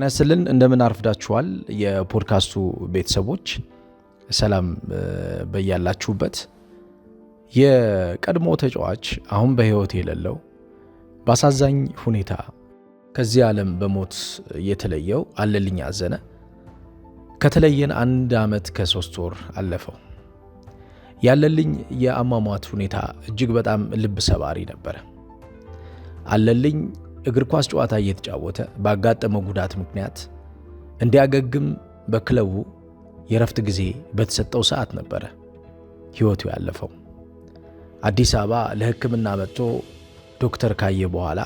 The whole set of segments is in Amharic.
ጤና ይስጥልን እንደምን አርፍዳችኋል የፖድካስቱ ቤተሰቦች ሰላም በያላችሁበት የቀድሞ ተጫዋች አሁን በህይወት የሌለው በአሳዛኝ ሁኔታ ከዚህ ዓለም በሞት የተለየው አለልኝ አዘነ ከተለየን አንድ ዓመት ከሶስት ወር አለፈው ያለልኝ የአሟሟት ሁኔታ እጅግ በጣም ልብ ሰባሪ ነበረ አለልኝ እግር ኳስ ጨዋታ እየተጫወተ ባጋጠመው ጉዳት ምክንያት እንዲያገግም በክለቡ የረፍት ጊዜ በተሰጠው ሰዓት ነበረ ሕይወቱ ያለፈው። አዲስ አበባ ለሕክምና መጥቶ ዶክተር ካየ በኋላ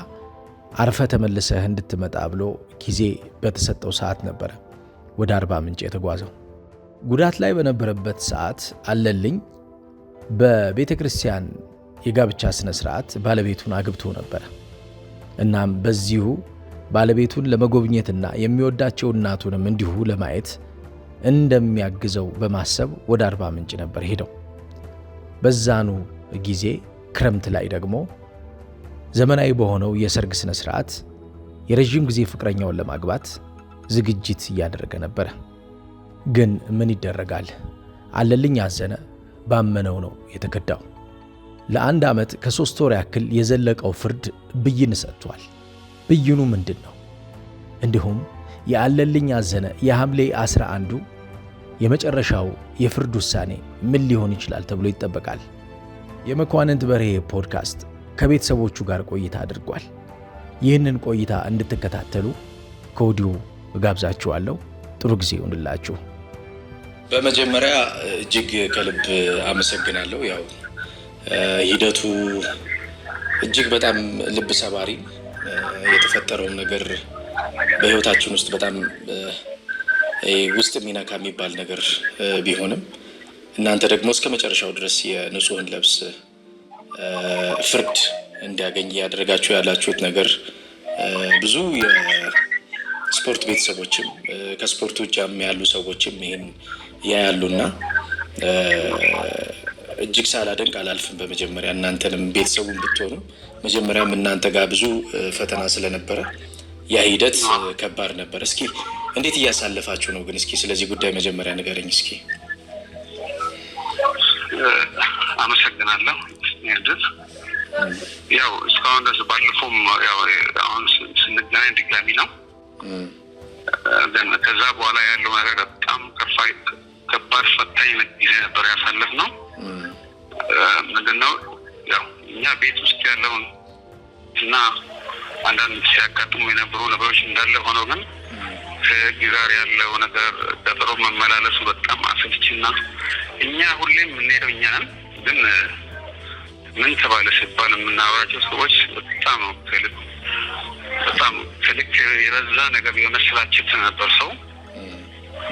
አርፈ ተመልሰህ እንድትመጣ ብሎ ጊዜ በተሰጠው ሰዓት ነበረ ወደ አርባ ምንጭ የተጓዘው። ጉዳት ላይ በነበረበት ሰዓት አለልኝ በቤተ ክርስቲያን የጋብቻ ስነ ስርዓት ባለቤቱን አግብቶ ነበረ። እናም በዚሁ ባለቤቱን ለመጎብኘትና የሚወዳቸው እናቱንም እንዲሁ ለማየት እንደሚያግዘው በማሰብ ወደ አርባ ምንጭ ነበር ሄደው። በዛኑ ጊዜ ክረምት ላይ ደግሞ ዘመናዊ በሆነው የሰርግ ስነ ስርዓት የረዥም ጊዜ ፍቅረኛውን ለማግባት ዝግጅት እያደረገ ነበረ። ግን ምን ይደረጋል፣ አለልኝ አዘነ ባመነው ነው የተከዳው። ለአንድ ዓመት ከሦስት ወር ያክል የዘለቀው ፍርድ ብይን ሰጥቷል። ብይኑ ምንድን ነው? እንዲሁም የአለልኝ አዘነ የሐምሌ ዐሥራ አንዱ የመጨረሻው የፍርድ ውሳኔ ምን ሊሆን ይችላል ተብሎ ይጠበቃል? የመኳንንት በርሄ ፖድካስት ከቤተሰቦቹ ጋር ቆይታ አድርጓል። ይህንን ቆይታ እንድትከታተሉ ከወዲሁ እጋብዛችኋለሁ። ጥሩ ጊዜ ይሆንላችሁ። በመጀመሪያ እጅግ ከልብ አመሰግናለሁ ያው ሂደቱ እጅግ በጣም ልብ ሰባሪ የተፈጠረውን ነገር በህይወታችን ውስጥ በጣም ውስጥ የሚነካ የሚባል ነገር ቢሆንም እናንተ ደግሞ እስከ መጨረሻው ድረስ የንጹህን ለብስ ፍርድ እንዲያገኝ እያደረጋችሁ ያላችሁት ነገር ብዙ የስፖርት ቤተሰቦችም ከስፖርት ውጭም ያሉ ሰዎችም ይህን ያያሉና እጅግ ሳላደንቅ አላልፍም። በመጀመሪያ እናንተንም ቤተሰቡን ብትሆኑ መጀመሪያም እናንተ ጋር ብዙ ፈተና ስለነበረ ያ ሂደት ከባድ ነበር። እስኪ እንዴት እያሳለፋችሁ ነው? ግን እስኪ ስለዚህ ጉዳይ መጀመሪያ ንገረኝ እስኪ። አመሰግናለሁ። ያው እስካሁን ደስ ባለፈውም አሁን ስንገናኝ ድጋሚ ነው። ከዛ በኋላ ያለው ነገር በጣም ከባድ ፈታኝ ጊዜ ነበር ያሳለፍ ነው ምንድነው ያው እኛ ቤት ውስጥ ያለውን እና አንዳንድ ሲያጋጥሙ የነበሩ ነገሮች እንዳለ ሆኖ ግን ከህግ ጋር ያለው ነገር ተጥሮ መመላለሱ በጣም አሰልችና እኛ ሁሌም የምንሄደው እኛ ነን። ግን ምን ተባለ ሲባል የምናወራቸው ሰዎች በጣም ነው በጣም ከልክ የበዛ ነገር የሆነ ነበር ሰው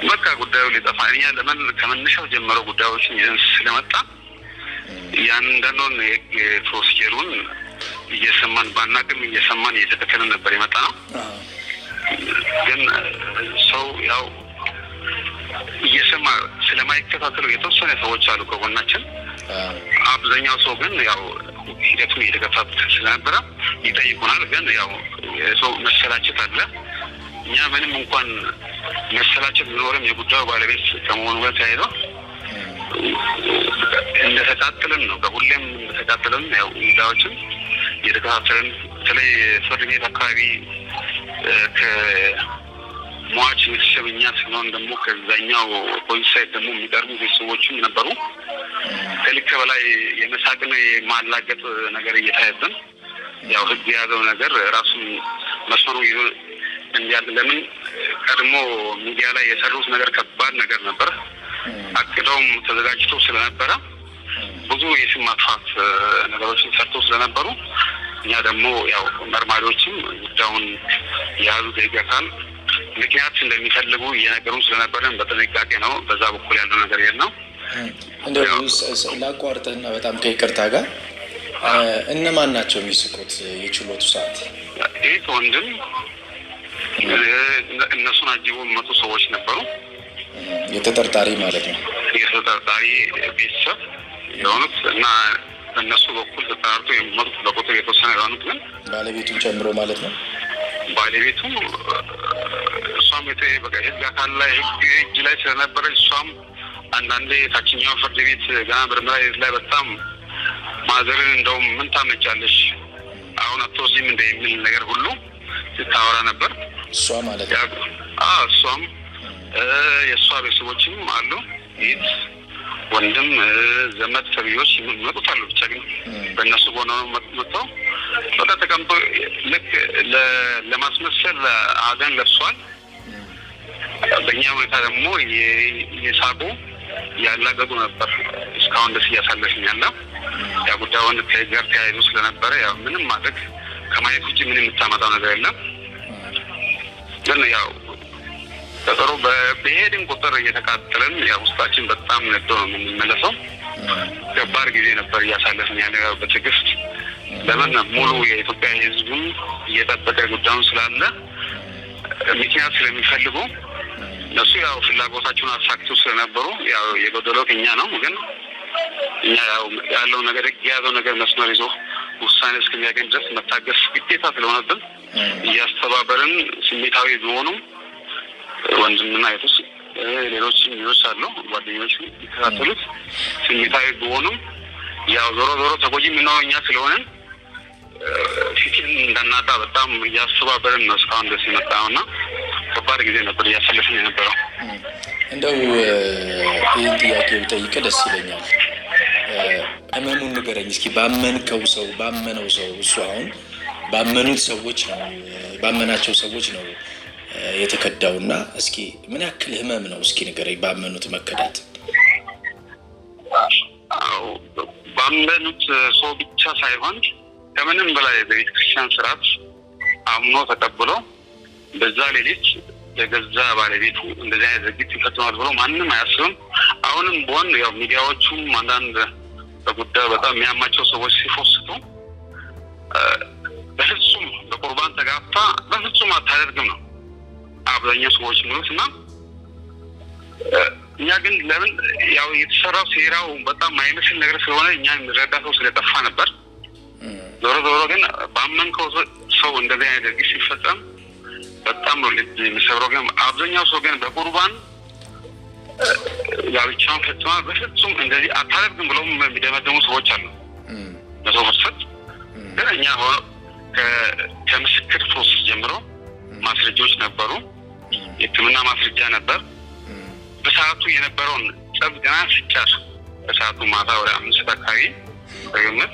በቃ ጉዳዩ ሊጠፋ እኛ ለምን ከመነሻው ጀምሮ ጉዳዮችን ይዘን ስለመጣ እያንዳንዱን የህግ ፕሮሲጀሩን እየሰማን ባናቅም እየሰማን እየተከተልን ነበር የመጣ ነው። ግን ሰው ያው እየሰማ ስለማይከታተሉ የተወሰነ ሰዎች አሉ ከጎናችን። አብዛኛው ሰው ግን ያው ሂደቱን እየተከታተል ስለነበረ ይጠይቁናል። ግን ያው የሰው መሰላቸት አለ እኛ ምንም እንኳን መሰላችን ቢኖርም የጉዳዩ ባለቤት ከመሆኑ ጋር ተያይዞ እንደተቃጥልን ነው። በሁሌም እንደተቃጥልን ያው ጉዳዮችን እየተከታተልን በተለይ ፍርድ ቤት አካባቢ ከሟች ቤተሰብ እኛ ስንሆን ደግሞ ከዛኛው ፖሊስ ሳይት ደግሞ የሚቀርቡ ቤተሰቦችም ነበሩ። ከልክ በላይ የመሳቅን የማላገጥ ነገር እየታየብን ያው ህግ የያዘው ነገር ራሱን መስመሩ ይገባኛል። ለምን ቀድሞ ሚዲያ ላይ የሰሩት ነገር ከባድ ነገር ነበር። አቅደውም ተዘጋጅቶ ስለነበረ ብዙ የስም ማጥፋት ነገሮችን ሰርቶ ስለነበሩ እኛ ደግሞ ያው መርማሪዎችም ጉዳዩን የያዙ የህግ ምክንያት እንደሚፈልጉ እየነገሩ ስለነበረን በጥንቃቄ ነው። በዛ በኩል ያለው ነገር የት ነው እንደ ላቋርጥህና በጣም ከይቅርታ ጋር እነማን ናቸው የሚስቁት የችሎቱ ሰዓት? ይህ ወንድም እነሱን አጅቦ የሚመጡ ሰዎች ነበሩ። የተጠርጣሪ ማለት ነው የተጠርጣሪ ቤተሰብ የሆኑት እና በእነሱ በኩል ተጠራርቶ የሚመጡት በቁጥር የተወሰነ የሆኑት ግን ባለቤቱን ጨምሮ ማለት ነው። ባለቤቱ እሷም በህግ አካል ላይ ህግ እጅ ላይ ስለነበረች እሷም አንዳንዴ የታችኛው ፍርድ ቤት ገና ምርመራ ላይ በጣም ማዘርን እንደውም ምን ታመጫለሽ አሁን አትወስጂም እንደ የሚል ነገር ሁሉ ስታወራ ነበር። እሷ ማለት ነው። እሷም የእሷ ቤተሰቦችም አሉ ይት ወንድም ዘመድ ተብዮች የሚመጡት አሉ። ብቻ ግን በእነሱ መጥተው ተቀምጦ ልክ ለማስመሰል አዘን ለብሷል። በእኛ ሁኔታ ደግሞ የሳቁ ያላገጡ ነበር። እስካሁን ደስ እያሳለፍን ያለው ያ ጉዳዩን ከጋር ተያይዞ ስለነበረ ያው ምንም ማድረግ ከማየት ውጭ ምን የምታመጣው ነገር የለም። ግን ያው ተጠሩ በሄድን ቁጥር እየተቃጠለን ያ ውስጣችን በጣም ነዶ ነው የምንመለሰው። ከባድ ጊዜ ነበር እያሳለፍን ያለ በትዕግስት ለምን ሙሉ የኢትዮጵያ ሕዝቡም እየጠበቀ ጉዳዩን ስላለ ምክንያት ስለሚፈልጉ እነሱ ያው ፍላጎታቸውን አሳክቱ ስለነበሩ ያው የጎደለው ከኛ ነው። ግን እኛ ያው ያለው ነገር የያዘው ነገር መስመር ይዞ ውሳኔ እስከሚያገኝ ድረስ መታገስ ግዴታ ስለሆነብን እያስተባበርን ስሜታዊ ቢሆኑም ወንድምና እህቶች ሌሎች ልጆች አሉ፣ ጓደኞቹ ይከታተሉት። ስሜታዊ ቢሆኑም ያው ዞሮ ዞሮ ተጎጂ የምንሆነው እኛ ስለሆንን ፊትን እንዳናጣ በጣም እያስተባበርን ነው እስካሁን ደስ የመጣ ነው እና ከባድ ጊዜ ነበር እያሳለፍን የነበረው። እንደው ይህን ጥያቄ ብጠይቅህ ደስ ይለኛል። እመኑን ንገረኝ እስኪ፣ ባመንከው ሰው ባመነው ሰው እሱ አሁን ባመኑት ሰዎች ነው ባመናቸው ሰዎች ነው የተከዳው እና እስኪ ምን ያክል ህመም ነው እስኪ ንገረኝ። ባመኑት መከዳት ባመኑት ሰው ብቻ ሳይሆን ከምንም በላይ በቤተክርስቲያን ስርዓት አምኖ ተቀብሎ በዛ ሌሊት የገዛ ባለቤቱ እንደዚህ አይነት ድርጊት ይፈጽማል ብሎ ማንም አያስብም። አሁንም ቢሆን ያው ሚዲያዎቹም አንዳንድ በጉዳዩ በጣም የሚያማቸው ሰዎች ሲፎስቱ በፍጹም በቁርባን ተጋፋ በፍጹም አታደርግም ነው አብዛኛው ሰዎች ምሉት እና እኛ ግን ለምን ያው የተሰራው ሴራው በጣም አይመስል ነገር ስለሆነ እኛ የሚረዳ ሰው ስለጠፋ ነበር። ዞሮ ዞሮ ግን ባመንከው ሰው እንደዚህ አይነት ድርጊት ሲፈጸም በጣም ነው ልብ የሚሰብረው። ግን አብዛኛው ሰው ግን በቁርባን ጋብቻውን ፈጽማ በፍጹም እንደዚህ አታደርግም ብሎም የሚደመደሙ ሰዎች አሉ። መቶ ፍርሰት ግን እኛ ከምስክር ሶስት ጀምሮ ማስረጃዎች ነበሩ። የሕክምና ማስረጃ ነበር። በሰዓቱ የነበረውን ጸብ ገና ሲጫር በሰዓቱ ማታ ወደ አምስት አካባቢ በግምት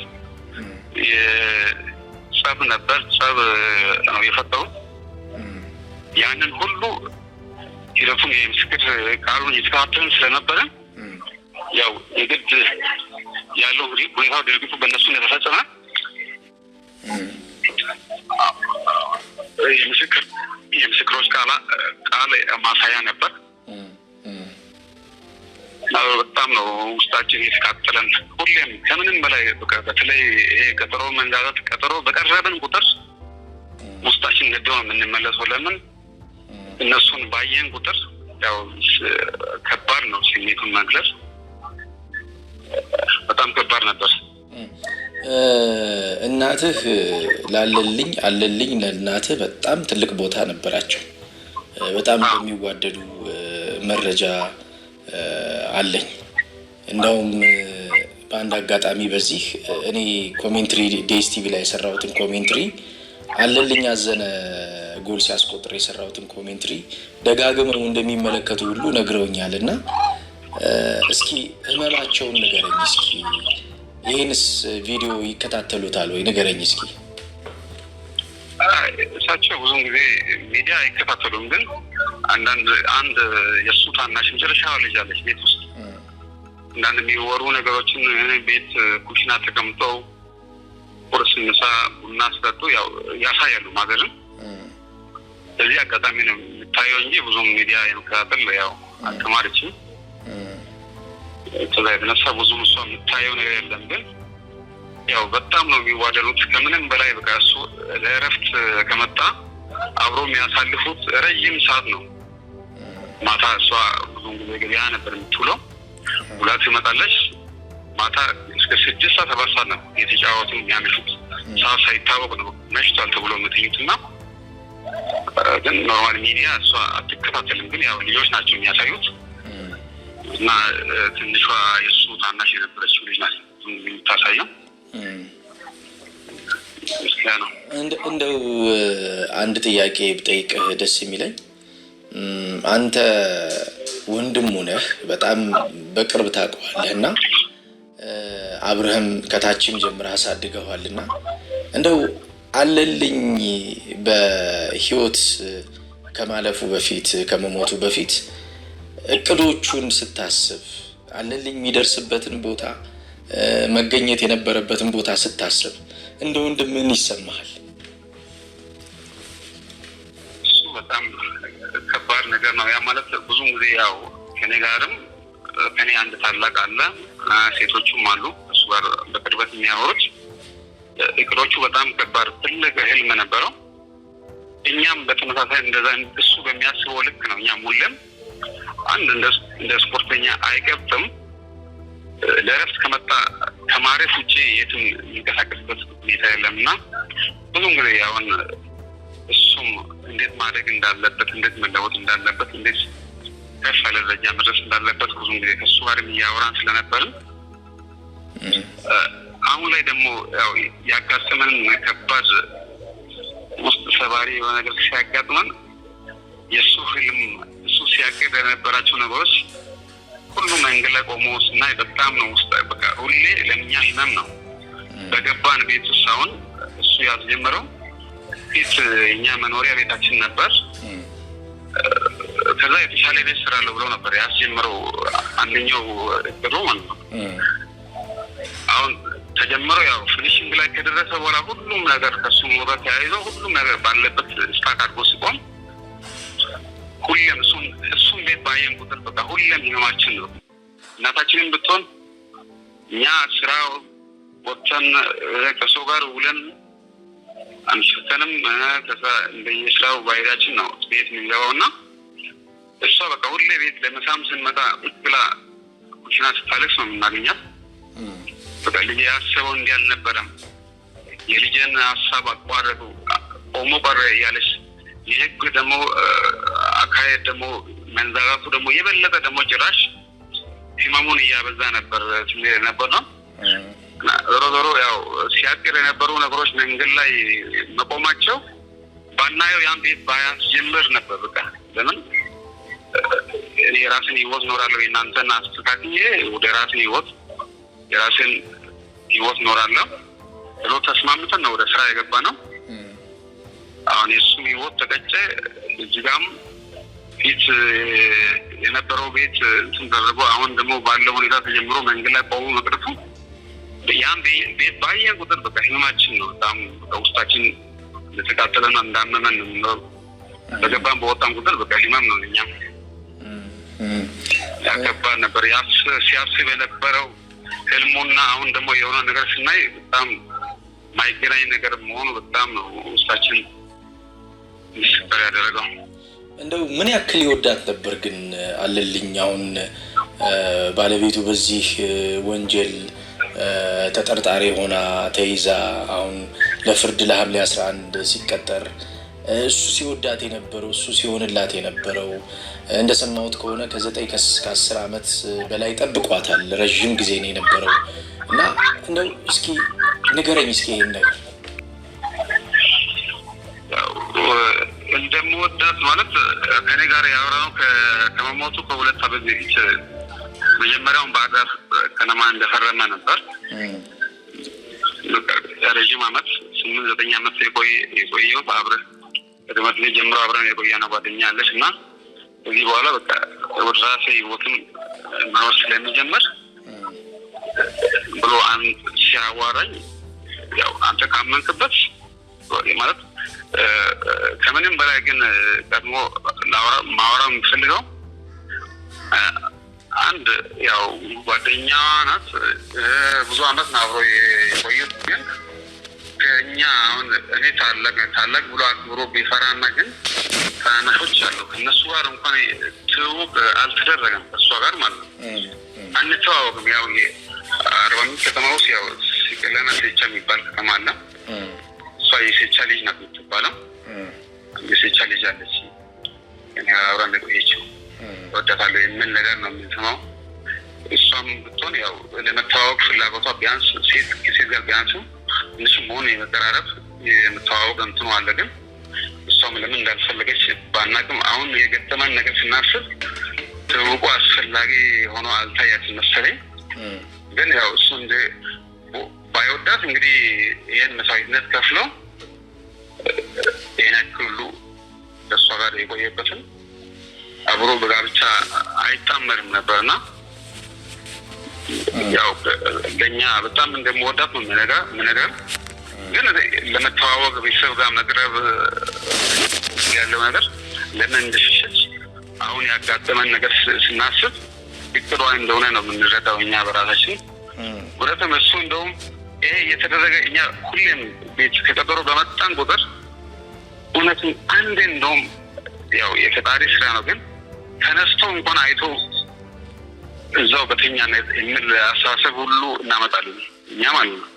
የጸብ ነበር። ጸብ ነው የፈጠሩት። ያንን ሁሉ ሂደቱን የምስክር ቃሉን እየተከታተልን ስለነበረ ያው የግድ ያለው ሁኔታው ድርጊቱ በእነሱ እንደተፈጸመ የምስክሮች ቃል ቃል ማሳያ ነበር። በጣም ነው ውስጣችን የተቃጠለን። ሁሌም ከምንም በላይ በተለይ ይሄ ቀጠሮ መንዛዛት፣ ቀጠሮ በቀረብን ቁጥር ውስጣችን ነደው ነው የምንመለሰው። ለምን እነሱን ባየን ቁጥር ያው ከባድ ነው ስሜቱን መግለጽ በጣም ከባድ ነበር። እናትህ ላለልኝ አለልኝ ለእናትህ በጣም ትልቅ ቦታ ነበራቸው። በጣም እንደሚዋደዱ መረጃ አለኝ። እንደውም በአንድ አጋጣሚ በዚህ እኔ ኮሜንትሪ ቲቪ ላይ የሰራሁትን ኮሜንትሪ አለልኝ አዘነ ጎል ሲያስቆጥር የሰራሁትን ኮሜንትሪ ደጋግመው እንደሚመለከቱ ሁሉ ነግረውኛል እና እስኪ ህመማቸውን ንገረኝ እስኪ ይህንስ ቪዲዮ ይከታተሉታል ወይ ንገረኝ እስኪ። እሳቸው ብዙን ጊዜ ሚዲያ አይከታተሉም፣ ግን አንዳንድ አንድ የእሱ ታናሽ መጨረሻ ልጅ አለች ቤት ውስጥ አንዳንድ የሚወሩ ነገሮችን ቤት ኩሽና ተቀምጠው ቁርስ፣ ምሳ፣ ቡና ስጠጡ ያሳያሉ ማዘርን። በዚህ አጋጣሚ ነው የምታየው እንጂ ብዙም ሚዲያ የመከታተል ያው አልተማረችም። ከዛ የተነሳ ብዙም እሷ የምታየው ነገር የለም። ግን ያው በጣም ነው የሚዋደሉት ከምንም በላይ በቃ እሱ ለእረፍት ከመጣ አብሮ የሚያሳልፉት ረጅም ሰዓት ነው። ማታ እሷ ብዙ ጊዜ ገበያ ነበር የምትውለው። ሁላት ይመጣለች ማታ እስከ ስድስት ሰዓት ሰባት ሰዓት ነው የተጫወቱ የሚያመሹት። ሰዓት ሳይታወቅ ነው መሽቷል ተብሎ የምትኙት ና ግን ኖርማል ሚዲያ እሷ አትከታተልም። ግን ያው ልጆች ናቸው የሚያሳዩት እና ትንሿ የእሱ ታናሽ የነበረችው ልጅ ናት የምታሳየው። እንደው አንድ ጥያቄ ብጠይቅህ ደስ የሚለኝ አንተ ወንድሙ ነህ፣ በጣም በቅርብ ታውቀዋለህ እና አብረህም ከታችም ጀምረህ አሳድገዋል እና እንደው አለልኝ በህይወት ከማለፉ በፊት ከመሞቱ በፊት እቅዶቹን ስታስብ አለልኝ የሚደርስበትን ቦታ መገኘት የነበረበትን ቦታ ስታስብ እንደ ወንድም ምን ይሰማሃል? እሱ በጣም ከባድ ነገር ነው። ያ ማለት ብዙ ጊዜ ያው ከኔ ጋርም ከኔ አንድ ታላቅ አለ፣ ሴቶቹም አሉ እሱ ጋር በቅርበት የሚያወሩት እቅዶቹ በጣም ከባድ ትልቅ ህልም ነበረው። እኛም በተመሳሳይ እንደዛ እሱ በሚያስበው ልክ ነው እኛም ሁሌም አንድ እንደ ስፖርተኛ አይገብትም። ለእረፍት ከመጣ ከማረፍ ውጭ የትም የሚንቀሳቀስበት ሁኔታ የለም እና ብዙም ጊዜ አሁን እሱም እንዴት ማደግ እንዳለበት፣ እንዴት መለወጥ እንዳለበት፣ እንዴት ከፍ ያለ ደረጃ መድረስ እንዳለበት ብዙም ጊዜ ከሱ ጋርም እያወራን ስለነበርን አሁን ላይ ደግሞ ያው ከባድ ውስጥ ሰባሪ የሆነ ነገር ሲያጋጥመን የእሱ ህልም ሲያቅድ የነበራቸው ነገሮች ሁሉ መንገድ ላይ ቆሞ እና በጣም ነው ውስጥ በቃ ሁሌ ለእኛ ህመም ነው። በገባን ቤት ውስጥ አሁን እሱ ያስጀምረው ፊት እኛ መኖሪያ ቤታችን ነበር። ከዛ የተሻለ ቤት ስራለሁ ብሎ ነበር ያስጀምረው አንደኛው እቅዱ ማለት ነው። አሁን ተጀምረው ያው ፊኒሽንግ ላይ ከደረሰ በኋላ ሁሉም ነገር ከሱ ጋር ተያይዘው ሁሉም ነገር ባለበት ስታክ አድርጎ ሲቆም ሁሌም እሱም እሱም ቤት ባየን ቁጥር በቃ ሁሌም ህመማችን ነው። እናታችንም ብትሆን እኛ ስራ ወጥተን ከሰው ጋር ውለን አምሽተንም እንደየስራው ባይዳችን ነው ቤት የሚገባው እና እሷ በቃ ሁሌ ቤት ለመሳም ስንመጣ ብላ ኩሽና ስታለቅስ ነው የምናገኛት። በቃ ልጅ ያሰበው እንዲህ አልነበረም፣ የልጅን ሀሳብ አቋረጡ ቆሞ ቀረ እያለች የህግ ደግሞ አካሄድ ደግሞ መንዛዛቱ ደግሞ የበለጠ ደግሞ ጭራሽ ህመሙን እያበዛ ነበር ስሜል ነበር ነው። ዞሮ ዞሮ ያው ሲያቅር የነበሩ ነገሮች መንገድ ላይ መቆማቸው ባናየው ያን ቤት ባያስ ጀምር ነበር። በቃ ለምን እኔ የራስን ህይወት ኖራለሁ፣ የእናንተን አስተካክዬ ወደ ራስን ህይወት የራስን ህይወት ኖራለሁ ብሎ ተስማምተን ነው ወደ ስራ የገባ ነው። አሁን የእሱም ህይወት ተቀጨ እዚጋም ፊት የነበረው ቤት ስንደረጉ አሁን ደግሞ ባለው ሁኔታ ተጀምሮ መንገድ ላይ ቆሞ መቅረቱ ያም ቤት ባየን ቁጥር በቃ ህመማችን ነው። በጣም ውስጣችን እንደተቃጠለና እንዳመመን ነው። በገባን በወጣን ቁጥር በቃ ህመም ነው። እኛም ያገባን ነበር ሲያስብ የነበረው ህልሙና አሁን ደግሞ የሆነ ነገር ስናይ በጣም ማይገናኝ ነገር መሆኑ በጣም ነው ውስጣችን እንዲሰበር ያደረገው። እንደው ምን ያክል ይወዳት ነበር ግን አለልኝ አሁን ባለቤቱ በዚህ ወንጀል ተጠርጣሪ ሆና ተይዛ አሁን ለፍርድ ለሐምሌ 11 ሲቀጠር እሱ ሲወዳት የነበረው እሱ ሲሆንላት የነበረው እንደሰማሁት ከሆነ ከዘጠኝ እስከ አስር ዓመት በላይ ጠብቋታል። ረዥም ጊዜ ነው የነበረው እና እንደው እስኪ ንገረኝ እስኪ ይሄን ነገር እንደምወዳት ማለት ከኔ ጋር ያወራነው ከመሞቱ ከሁለት ዓመት በፊት መጀመሪያውን በአጋር ከነማ እንደፈረመ ነበር። ረዥም አመት ስምንት ዘጠኝ አመት የቆየው አብረን ከትምህርት ቤት ጀምሮ አብረን የቆየነው ጓደኛ አለች እና እዚህ በኋላ በቃ ወደ ራሴ ህይወትም መኖር ስለሚጀምር ብሎ አንድ ሲያዋራኝ ያው አንተ ካመንክበት ማለት ከምንም በላይ ግን ቀድሞ ማውራም የምፈልገው አንድ ያው ጓደኛ ናት። ብዙ አመት ናብሮ አብሮ የቆዩት። ግን ከእኛ አሁን እኔ ታላቅ ታላቅ ብሎ አክብሮ ቢፈራና ግን ታናሾች አሉ። እነሱ ጋር እንኳን ትውቅ አልተደረገም። እሷ ጋር ማለት ነው አንተዋወቅም። ያው አርባ ምንጭ ከተማ ውስጥ ያው ሲቀለና ሴቻ የሚባል ከተማ አለ እሷ የሴቻ ልጅ ናት የምትባለው። የሴቻ ልጅ አለች። እኔ አብራ እንደቆየችው ወዳታለሁ የምን ነገር ነው የምንሰማው። እሷም ብትሆን ያው ለመተዋወቅ ፍላጎቷ ቢያንስ ሴት ከሴት ጋር ቢያንስ እንሱ መሆን የመቀራረብ የምተዋወቅ እንትኑ አለ። ግን እሷም ለምን እንዳልፈለገች ባናቅም አሁን የገጠመን ነገር ስናስብ ትውቁ አስፈላጊ ሆኖ አልታያት መሰለኝ። ግን ያው እሱ እንደ ባይወዳት እንግዲህ ይህን መስዋዕትነት ከፍሎ ይህን ያክል ሁሉ ከእሷ ጋር የቆየበትን አብሮ በጋብቻ አይጣመርም ነበርና ያው ለእኛ በጣም እንደምወዳት ነው ምነገር ግን ለመተዋወቅ ቤተሰብ ጋር መቅረብ ያለው ነገር ለምን እንድሽሽች አሁን ያጋጠመን ነገር ስናስብ እቅዷ እንደሆነ ነው የምንረዳው እኛ በራሳችን። እውነትም እሱ እንደውም ይሄ እየተደረገ እኛ ሁሌም ቤት ከቀጠሮ በመጣን ቁጥር እውነትም አንዴ እንደውም ያው የፈጣሪ ስራ ነው፣ ግን ተነስቶ እንኳን አይቶ እዛው በተኛ የሚል አስተሳሰብ ሁሉ እናመጣለን እኛ ማለት ነው።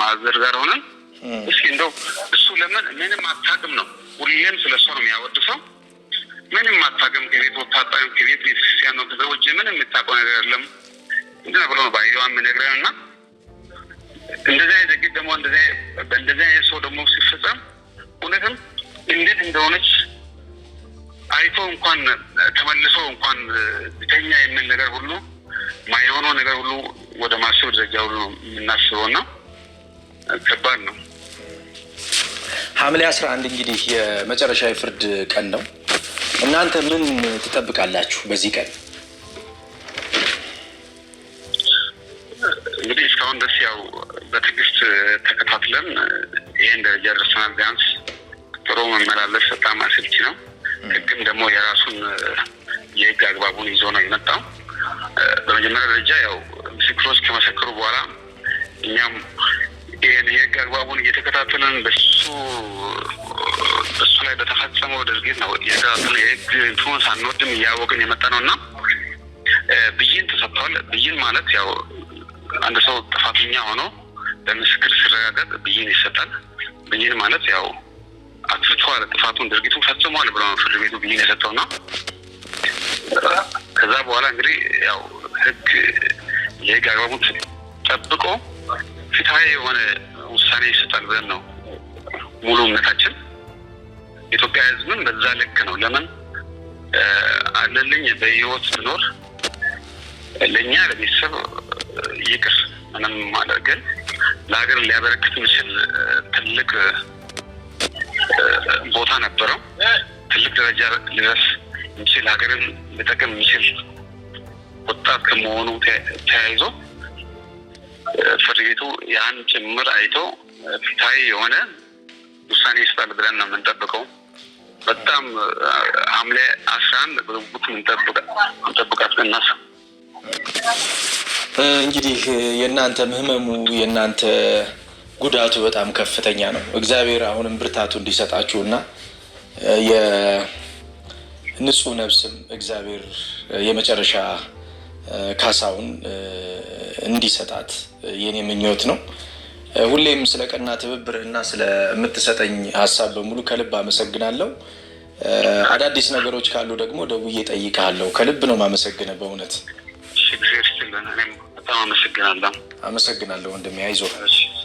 ማዘር ጋር ሆነን እስኪ እንደው እሱ ለምን ምንም አታውቅም ነው ሁሌም ስለ እሷ ነው የሚያወድሰው። ምንም አታውቅም ከቤት ወታጣም ከቤት ቤተክርስቲያን ነው ከሰዎች ምንም የምታውቀው ነገር የለም ብሎ ነው ባየዋ የምነግረን እና እንደዚህ አይነት ድርጊት ደግሞ በእንደዚህ አይነት ሰው ደግሞ ሲፈጸም እውነትም እንዴት እንደሆነች አይቶ እንኳን ተመልሶ እንኳን ብተኛ የሚል ነገር ሁሉ የማይሆነው ነገር ሁሉ ወደ ማስብ ደረጃ ሁሉ የምናስበው ና ከባድ ነው። ሐምሌ አስራ አንድ እንግዲህ የመጨረሻ የፍርድ ቀን ነው። እናንተ ምን ትጠብቃላችሁ በዚህ ቀን? አይደለም። ይህን ደረጃ ደርሰናል። ቢያንስ ጥሩ መመላለስ በጣም አሰልቺ ነው። ህግም ደግሞ የራሱን የህግ አግባቡን ይዞ ነው የመጣው። በመጀመሪያ ደረጃ ያው ምስክሮች ከመሰከሩ በኋላ እኛም ይህን የህግ አግባቡን እየተከታተልን በሱ በሱ ላይ በተፈጸመው ድርጊት ነው እየተከታተልን የህግ እንትኑን ሳንወድም እያወቅን የመጣ ነው እና ብይን ተሰጥቷል። ብይን ማለት ያው አንድ ሰው ጥፋተኛ ሆኖ በምስክር ሲረጋገጥ ብይን ይሰጣል። ብይን ማለት ያው አጥፍቷል፣ ጥፋቱን ድርጊቱን ፈጽሟል ብሎ ነው ፍርድ ቤቱ ብይን ነው። ከዛ በኋላ እንግዲህ ያው ህግ የህግ አግባቡት ጠብቆ ፍትሀዊ የሆነ ውሳኔ ይሰጣል ብለን ነው ሙሉ እምነታችን። ኢትዮጵያ ህዝብን በዛ ልክ ነው። ለምን አለልኝ በህይወት ብኖር ለእኛ ለቤተሰብ ይቅር ምንም ግን ለሀገር ሊያበረክት የሚችል ትልቅ ቦታ ነበረው። ትልቅ ደረጃ ሊደርስ የሚችል ሀገርን ሊጠቅም የሚችል ወጣት ከመሆኑ ተያይዞ ፍርድ ቤቱ ያን ጭምር አይቶ ፍትሐዊ የሆነ ውሳኔ ይስጣል ብለን ነው የምንጠብቀው። በጣም ሐምሌ አስራ አንድ በጉጉት የምንጠብቃት እናሳ እንግዲህ የእናንተ ህመሙ የእናንተ ጉዳቱ በጣም ከፍተኛ ነው። እግዚአብሔር አሁንም ብርታቱ እንዲሰጣችሁ እና የንጹህ ነፍስም እግዚአብሔር የመጨረሻ ካሳውን እንዲሰጣት የኔ ምኞት ነው። ሁሌም ስለ ቀና እና ስለምትሰጠኝ ሀሳብ በሙሉ ከልብ አመሰግናለሁ። አዳዲስ ነገሮች ካሉ ደግሞ ደውዬ ጠይቃለሁ። ከልብ ነው ማመሰግነ በእውነት በጣም አመሰግናለሁ። አመሰግናለሁ ወንድሜ አይዞህ።